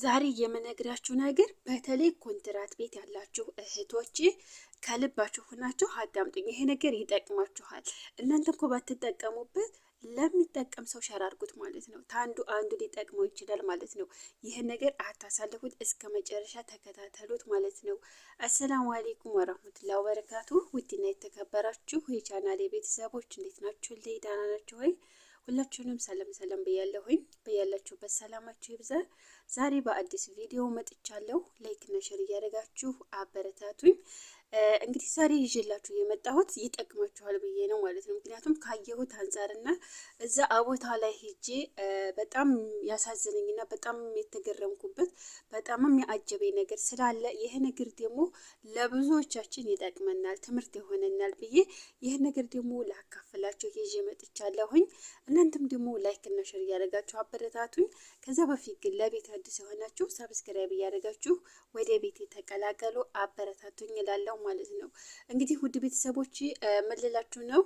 ዛሬ የምነግራችሁ ነገር በተለይ ኮንትራት ቤት ያላችሁ እህቶች ከልባችሁ ሁናችሁ አዳምጡኝ። ይሄ ነገር ይጠቅማችኋል። እናንተ እኮ ባትጠቀሙበት ለሚጠቀም ሰው ሸር አድርጉት ማለት ነው። ታንዱ አንዱ ሊጠቅመው ይችላል ማለት ነው። ይህን ነገር አታሳልፉት፣ እስከ መጨረሻ ተከታተሉት ማለት ነው። አሰላሙ አሌይኩም ወራህመቱላ ወበረካቱ። ውድና የተከበራችሁ የቻናል የቤተሰቦች እንዴት ናችሁ? ላይ ዳና ናችሁ ወይ? ሁላችሁንም ሰላም ሰላም ብያለሁኝ። በያላችሁበት ሰላማችሁ ይብዛል። ዛሬ በአዲስ ቪዲዮ መጥቻለሁ። ላይክ እና ሼር እያደረጋችሁ አበረታቱኝ። እንግዲህ ዛሬ ይዤላችሁ የመጣሁት ይጠቅማችኋል ብዬ ነው ማለት ነው። ምክንያቱም ካየሁት አንጻርና እዛ አቦታ ላይ ሄጄ በጣም ያሳዝነኝና በጣም የተገረምኩበት በጣምም ያአጀበኝ ነገር ስላለ ይህ ነገር ደግሞ ለብዙዎቻችን ይጠቅመናል፣ ትምህርት ይሆነናል ብዬ ይህ ነገር ደግሞ ላካፍላችሁ ይዤ መጥቻለሁኝ። እናንተም ደግሞ ላይክና ሸር እያደረጋችሁ አበረታቱኝ። ከዛ በፊት ግን ለቤት አዲስ የሆናችሁ ሰብስክራይብ እያደረጋችሁ ወደ ቤት የተቀላቀሉ አበረታቱኝ እላለሁ ማለት ነው። እንግዲህ ውድ ቤተሰቦች መለላችሁ ነው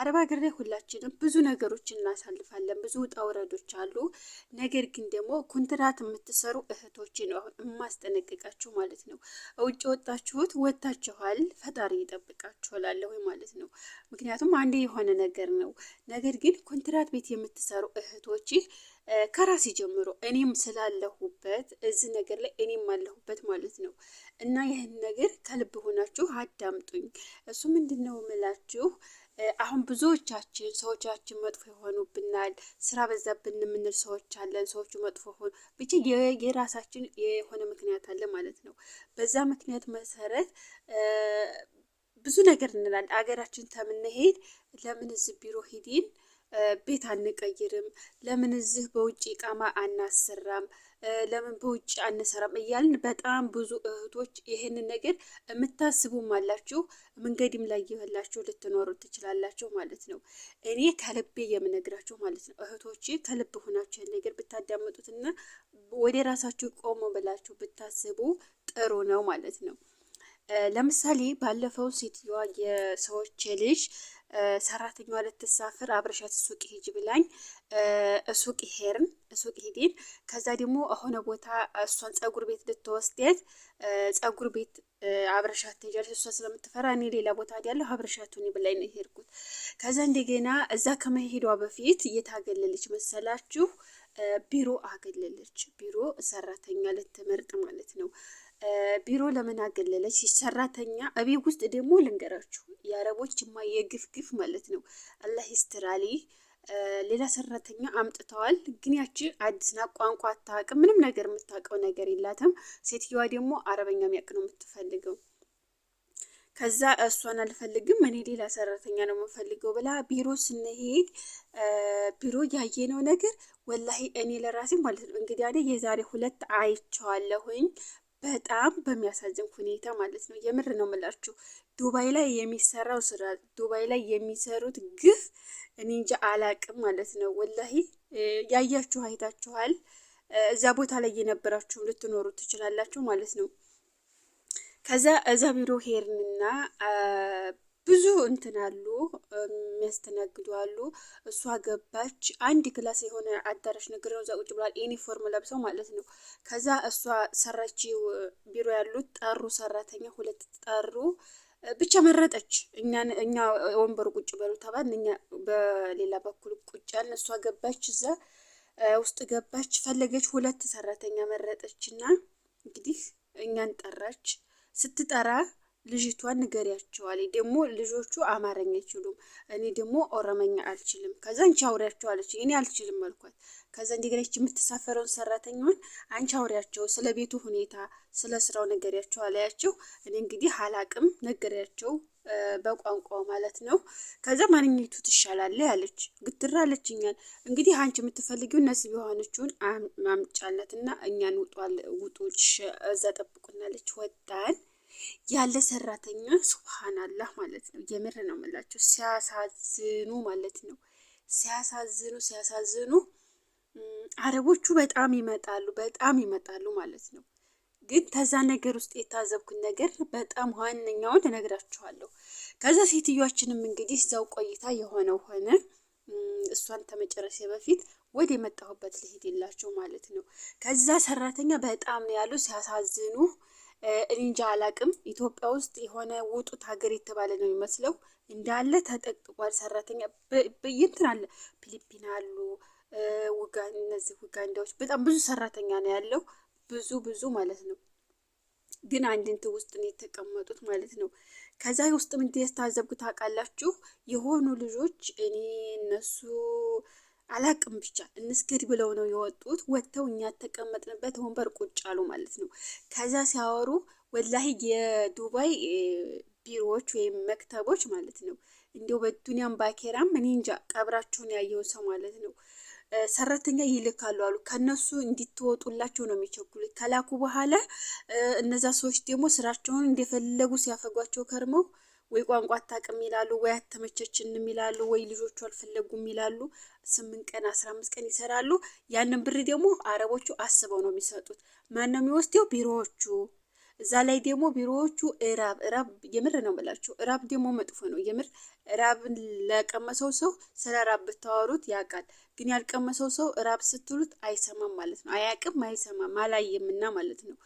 አረብ ሀገር ላይ ሁላችንም ብዙ ነገሮች እናሳልፋለን። ብዙ ውጣ ውረዶች አሉ። ነገር ግን ደግሞ ኮንትራት የምትሰሩ እህቶች ነው አሁን የማስጠነቅቃችሁ ማለት ነው። ውጭ ወጣችሁት ወጥታችኋል፣ ፈጣሪ ይጠብቃችኋላለሁ ማለት ነው። ምክንያቱም አንዴ የሆነ ነገር ነው። ነገር ግን ኮንትራት ቤት የምትሰሩ እህቶች ከራሴ ጀምሮ እኔም ስላለሁበት እዚህ ነገር ላይ እኔም አለሁበት ማለት ነው እና ይህን ነገር ከልብ ሆናችሁ አዳምጡኝ። እሱ ምንድን ነው ምላችሁ አሁን ብዙዎቻችን ሰዎቻችን መጥፎ የሆኑብናል፣ ስራ በዛብን የምንል ሰዎች አለን። ሰዎቹ መጥፎ ሆኑ ብቻ የራሳችን የሆነ ምክንያት አለ ማለት ነው። በዛ ምክንያት መሰረት ብዙ ነገር እንላለን። አገራችን ከምንሄድ ለምን እዚህ ቢሮ ሂዲን ቤት አንቀይርም? ለምን እዚህ በውጭ ቃማ አናሰራም? ለምን በውጭ አንሰራም እያልን በጣም ብዙ እህቶች ይህን ነገር የምታስቡም አላችሁ፣ መንገድም ላይ ይበላችሁ ልትኖሩ ትችላላችሁ ማለት ነው። እኔ ከልቤ የምነግራችሁ ማለት ነው እህቶች፣ ከልብ ሆናችሁ ይህን ነገር ብታዳምጡትና ወደ ራሳችሁ ቆሞ ብላችሁ ብታስቡ ጥሩ ነው ማለት ነው። ለምሳሌ ባለፈው ሴትዮዋ የሰዎች ልጅ ሰራተኛዋ ልትሳፍር አብረሻት ሱቅ ሂጅ ብላኝ ሱቅ ሄርን ሱቅ ሄድን። ከዛ ደግሞ አሁነ ቦታ እሷን ጸጉር ቤት ልትወስደት ጸጉር ቤት አብረሻት ትሄጃለሽ፣ እሷ ስለምትፈራ እኔ ሌላ ቦታ ያለሁ አብረሻቱን ብላኝ ነው ሄድኩት። ከዛ እንደገና እዛ ከመሄዷ በፊት እየታገለለች መሰላችሁ? ቢሮ አገለለች። ቢሮ ሰራተኛ ልትመርጥ ማለት ነው። ቢሮ ለምን አገለለች ሰራተኛ እቤት ውስጥ ደግሞ ልንገራችሁ፣ የአረቦች ማ የግፍ ግፍ ማለት ነው። አላህ ይስትራሊ ሌላ ሰራተኛ አምጥተዋል። ግን ያቺ አዲስ ናት፣ ቋንቋ አታውቅም፣ ምንም ነገር የምታውቀው ነገር የላትም። ሴትዮዋ ደግሞ አረበኛ የሚያውቅ ነው የምትፈልገው። ከዛ እሷን አልፈልግም እኔ ሌላ ሰራተኛ ነው የምፈልገው ብላ ቢሮ ስንሄድ ቢሮ ያየነው ነገር ወላሂ እኔ ለራሴ ማለት ነው እንግዲህ የዛሬ ሁለት አይቼዋለሁኝ በጣም በሚያሳዝን ሁኔታ ማለት ነው። የምር ነው የምላችሁ ዱባይ ላይ የሚሰራው ስራ ዱባይ ላይ የሚሰሩት ግፍ እኔ እንጃ አላቅም ማለት ነው። ወላሂ ያያችሁ አይታችኋል። እዛ ቦታ ላይ የነበራችሁ ልትኖሩ ትችላላችሁ ማለት ነው። ከዛ እዛ ቢሮ ሄርንና ብዙ እንትን አሉ የሚያስተናግዱ አሉ። እሷ ገባች። አንድ ክላስ የሆነ አዳራሽ ነገር ነው። እዛ ቁጭ ብሏል። ዩኒፎርም ለብሰው ማለት ነው። ከዛ እሷ ሰራችው ቢሮ ያሉት ጠሩ፣ ሰራተኛ ሁለት ጠሩ። ብቻ መረጠች። እኛ ወንበሩ ቁጭ በሉ ተባል። እኛ በሌላ በኩል ቁጭ ያልን። እሷ ገባች፣ እዛ ውስጥ ገባች፣ ፈለገች። ሁለት ሰራተኛ መረጠች እና እንግዲህ እኛን ጠራች። ስትጠራ ልጅቷን ንገሪያቸዋል። ደግሞ ልጆቹ አማርኛ አይችሉም፣ እኔ ደግሞ ኦሮመኛ አልችልም። ከዛ አንቺ አውሪያቸው አለች። እኔ አልችልም አልኳት። ከዛ እንዲገለች የምትሳፈረውን ሰራተኛውን አንቺ አውሪያቸው፣ ስለ ቤቱ ሁኔታ፣ ስለ ስራው ንገሪያቸው አለያቸው። እኔ እንግዲህ አላቅም ነገሪያቸው፣ በቋንቋ ማለት ነው። ከዛ ማንኛቱ ትሻላለ ያለች ግትራ አለችኛል። እንግዲህ አንቺ የምትፈልጊው እነዚህ የሆነችውን ማምጫለት እና እኛን ውጡ እዛ ጠብቁናለች። ወጣን ያለ ሰራተኛ ሱብሃናላህ ማለት ነው። የምር ነው የምላቸው። ሲያሳዝኑ ማለት ነው። ሲያሳዝኑ ሲያሳዝኑ አረቦቹ በጣም ይመጣሉ በጣም ይመጣሉ ማለት ነው። ግን ከዛ ነገር ውስጥ የታዘብኩት ነገር በጣም ዋነኛውን እነግራችኋለሁ። ከዛ ሴትዮዋችንም እንግዲህ እዛው ቆይታ የሆነው ሆነ እሷን ከመጨረሴ በፊት ወደ የመጣሁበት ልሂድ የላቸው ማለት ነው። ከዛ ሰራተኛ በጣም ነው ያሉ ሲያሳዝኑ እኔ እንጃ አላቅም። ኢትዮጵያ ውስጥ የሆነ ውጡት ሀገር የተባለ ነው የሚመስለው እንዳለ ተጠቅጥቋል። ሰራተኛ በይንትን አለ ፊሊፒን አሉ ውጋ እነዚህ ውጋንዳዎች በጣም ብዙ ሰራተኛ ነው ያለው ብዙ ብዙ ማለት ነው። ግን አንድንት ውስጥ ነው የተቀመጡት ማለት ነው። ከዛ ውስጥ ምን ታዘብኩ ታውቃላችሁ? የሆኑ ልጆች እኔ እነሱ አላቅም ብቻ እንስገድ ብለው ነው የወጡት። ወጥተው እኛ ተቀመጥንበት ወንበር ቁጭ አሉ ማለት ነው። ከዛ ሲያወሩ ወላሂ የዱባይ ቢሮዎች ወይም መክተቦች ማለት ነው እንዲሁ በዱኒያም ባኬራም እኔ እንጃ ቀብራችሁን ያየው ሰው ማለት ነው ሰራተኛ ይልካሉ አሉ። ከነሱ እንዲትወጡላቸው ነው የሚቸኩሉ ከላኩ በኋላ እነዛ ሰዎች ደግሞ ስራቸውን እንደፈለጉ ሲያፈጓቸው ከርመው ወይ ቋንቋ አታውቅም ይላሉ፣ ወይ አተመቸችንም ይላሉ፣ ወይ ልጆቹ አልፈለጉም ይላሉ። ስምንት ቀን አስራ አምስት ቀን ይሰራሉ። ያንን ብር ደግሞ አረቦቹ አስበው ነው የሚሰጡት። ማነው የሚወስደው? ቢሮዎቹ። እዛ ላይ ደግሞ ቢሮዎቹ እራብ እራብ የምር ነው ብላችሁ እራብ ደግሞ መጥፎ ነው የምር እራብን ለቀመሰው ሰው ስለ እራብ ብታወሩት ያውቃል፣ ግን ያልቀመሰው ሰው እራብ ስትሉት አይሰማም ማለት ነው። አያውቅም፣ አይሰማም፣ አላየምና ማለት ነው።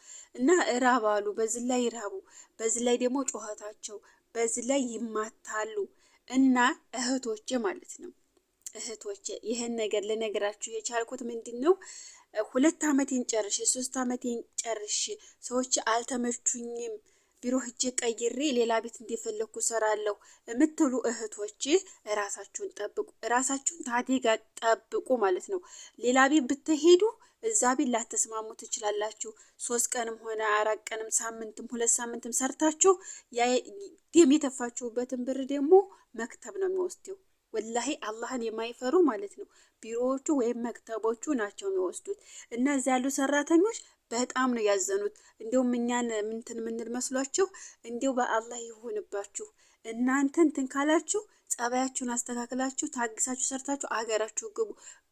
እና እራብ አሉ። በዚህ ላይ እራቡ፣ በዚህ ላይ ደግሞ ጩኸታቸው በዚህ ላይ ይማታሉ። እና እህቶቼ ማለት ነው እህቶቼ ይህን ነገር ልነግራችሁ የቻልኩት ምንድን ነው ሁለት ዓመቴን ጨርሽ ሶስት ዓመቴን ጨርሽ ሰዎች አልተመቹኝም፣ ቢሮ ህጅ ቀይሬ ሌላ ቤት እንደፈለግኩ ሰራለሁ የምትሉ እህቶች ራሳችሁን ጠብቁ፣ ራሳችሁን ታዲጋ ጠብቁ ማለት ነው። ሌላ ቤት ብትሄዱ እዛ ቤት ላተስማሙ ትችላላችሁ። ሶስት ቀንም ሆነ አራት ቀንም ሳምንትም ሁለት ሳምንትም ሰርታችሁ ደም የተፋችሁበትን ብር ደግሞ መክተብ ነው የሚወስደው። ወላሂ አላህን የማይፈሩ ማለት ነው ቢሮዎቹ ወይም መክተቦቹ ናቸው የሚወስዱት። እና እዚ ያሉ ሰራተኞች በጣም ነው ያዘኑት። እንዲሁም እኛን ምንትን የምንል መስሏችሁ፣ እንዲሁ በአላህ ይሆንባችሁ እናንተን ትንካላችሁ። ጸባያችሁን አስተካክላችሁ ታግሳችሁ ሰርታችሁ አገራችሁ ግቡ።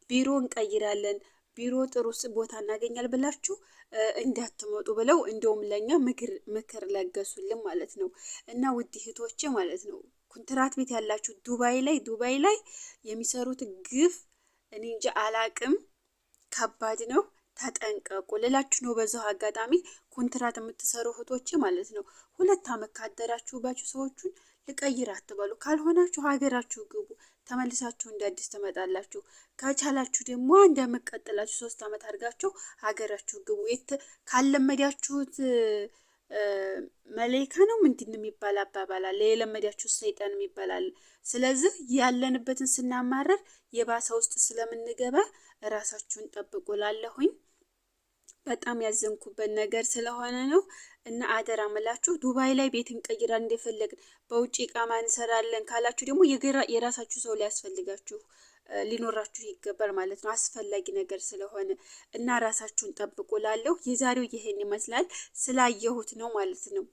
ቢሮ እንቀይራለን ቢሮ ጥሩ ቦታ እናገኛል ብላችሁ እንዳትመጡ ብለው እንደውም ለእኛ ምክር ለገሱልን ማለት ነው። እና ውድ እህቶቼ ማለት ነው ኮንትራት ቤት ያላችሁ ዱባይ ላይ ዱባይ ላይ የሚሰሩት ግፍ እኔ እንጂ አላቅም፣ ከባድ ነው። ተጠንቀቁ ልላችሁ ነው። በዛው አጋጣሚ ኮንትራት የምትሰሩ እህቶቼ ማለት ነው ሁለት አመት ካደራችሁባችሁ ሰዎቹን ልቀይር አትበሉ። ካልሆናችሁ ሀገራችሁ ግቡ፣ ተመልሳችሁ እንደ አዲስ ትመጣላችሁ። ከቻላችሁ ደግሞ እንደምቀጥላችሁ ሶስት ዓመት አድርጋችሁ ሀገራችሁ ግቡ። ካለመዳችሁት መለይካ ነው ምንድን የሚባል አባባል አለ። የለመዳችሁ ሰይጣን የሚባላል። ስለዚህ ያለንበትን ስናማረር የባሰ ውስጥ ስለምንገባ ራሳችሁን ጠብቁ ላለሁኝ በጣም ያዘንኩበት ነገር ስለሆነ ነው። እና አደራ ምላችሁ ዱባይ ላይ ቤት እንቀይራ እንደፈለግን በውጭ ቃማ እንሰራለን ካላችሁ ደግሞ የራሳችሁ ሰው ሊያስፈልጋችሁ ሊኖራችሁ ይገባል ማለት ነው። አስፈላጊ ነገር ስለሆነ እና ራሳችሁን ጠብቁ ላለሁ የዛሬው ይሄን ይመስላል ስላየሁት ነው ማለት ነው።